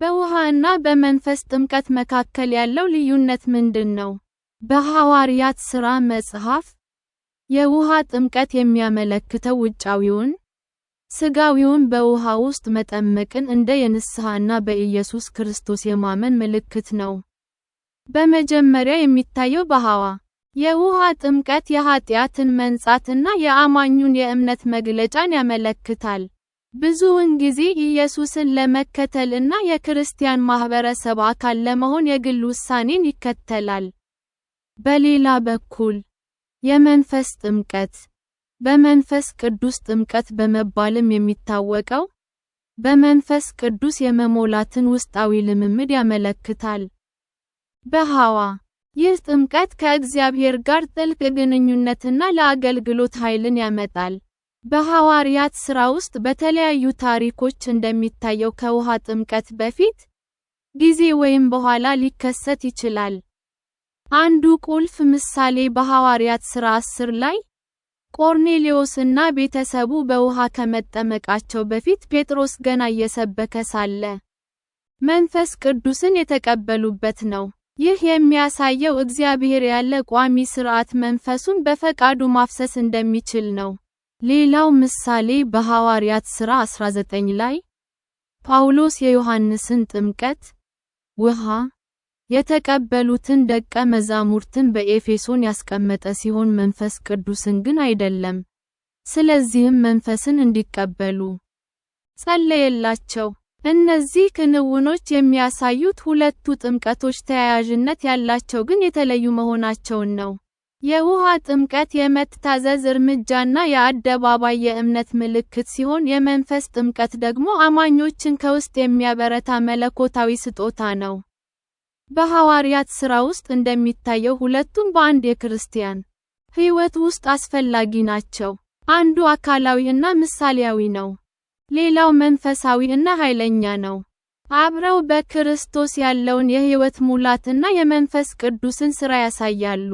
በውሃና በመንፈስ ጥምቀት መካከል ያለው ልዩነት ምንድን ነው? በሐዋርያት ሥራ መጽሐፍ፣ የውሃ ጥምቀት የሚያመለክተው ውጫዊውን፣ ሥጋዊውን በውሃ ውስጥ መጠመቅን እንደ የንስሐና በኢየሱስ ክርስቶስ የማመን ምልክት ነው። በመጀመሪያ የሚታየው በሐዋ የውሃ ጥምቀት የኃጢአትን መንጻትና የአማኙን የእምነት መግለጫን ያመለክታል። ብዙውን ጊዜ ኢየሱስን ለመከተል እና የክርስቲያን ማህበረሰብ አካል ለመሆን የግል ውሳኔን ይከተላል። በሌላ በኩል፣ የመንፈስ ጥምቀት፣ በመንፈስ ቅዱስ ጥምቀት በመባልም የሚታወቀው፣ በመንፈስ ቅዱስ የመሞላትን ውስጣዊ ልምምድ ያመለክታል። በሐዋ ይህ ጥምቀት ከእግዚአብሔር ጋር ጥልቅ ግንኙነትና ለአገልግሎት ኃይልን ያመጣል። በሐዋርያት ሥራ ውስጥ በተለያዩ ታሪኮች እንደሚታየው ከውሃ ጥምቀት በፊት ጊዜ ወይም በኋላ ሊከሰት ይችላል። አንዱ ቁልፍ ምሳሌ በሐዋርያት ሥራ 10 ላይ እና ቤተሰቡ በውሃ ከመጠመቃቸው በፊት ጴጥሮስ ገና እየሰበከ ሳለ መንፈስ ቅዱስን የተቀበሉበት ነው። ይህ የሚያሳየው እግዚአብሔር ያለ ቋሚ ሥርዓት መንፈሱን በፈቃዱ ማፍሰስ እንደሚችል ነው። ሌላው ምሳሌ በሐዋርያት ሥራ 19 ላይ ጳውሎስ የዮሐንስን ጥምቀት ውሃ የተቀበሉትን ደቀ መዛሙርትን በኤፌሶን ያስቀመጠ ሲሆን መንፈስ ቅዱስን ግን አይደለም። ስለዚህም መንፈስን እንዲቀበሉ ጸለየላቸው። እነዚህ ክንውኖች የሚያሳዩት ሁለቱ ጥምቀቶች ተያያዥነት ያላቸው ግን የተለዩ መሆናቸውን ነው። የውሃ ጥምቀት የመታዘዝ እርምጃና የአደባባይ የእምነት ምልክት ሲሆን የመንፈስ ጥምቀት ደግሞ አማኞችን ከውስጥ የሚያበረታ መለኮታዊ ስጦታ ነው። በሐዋርያት ሥራ ውስጥ እንደሚታየው ሁለቱም በአንድ የክርስቲያን ሕይወት ውስጥ አስፈላጊ ናቸው። አንዱ አካላዊ እና ምሳሌያዊ ነው፣ ሌላው መንፈሳዊ እና ኃይለኛ ነው። አብረው በክርስቶስ ያለውን የሕይወት ሙላት እና የመንፈስ ቅዱስን ሥራ ያሳያሉ።